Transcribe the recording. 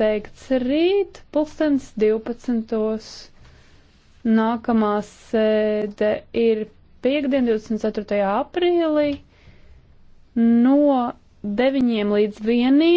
teikts rīt, pulkstens 12. Nākamā sēde ir piekdien, 24. aprīlī, no 9 līdz 1.